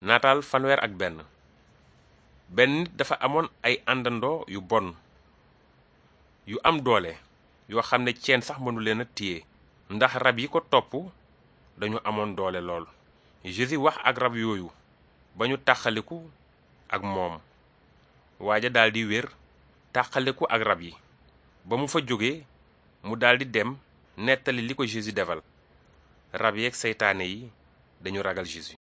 nataal fanweer ak benn benn nit dafa amoon ay àndandoo yu bon yu am doole yoo xam ne ceen sax mënu leen a téye ndax rab yi ko topp dañu amoon doole lool Jésus wax ak rab yooyu ba ñu tàqaliku ak moom waaja daldi wér tàqaliku ak rab yi ba mu fa jóge mu daldi dem nettali li ko Jésus defal rab yeeg seytaane yi dañu ragal Jésus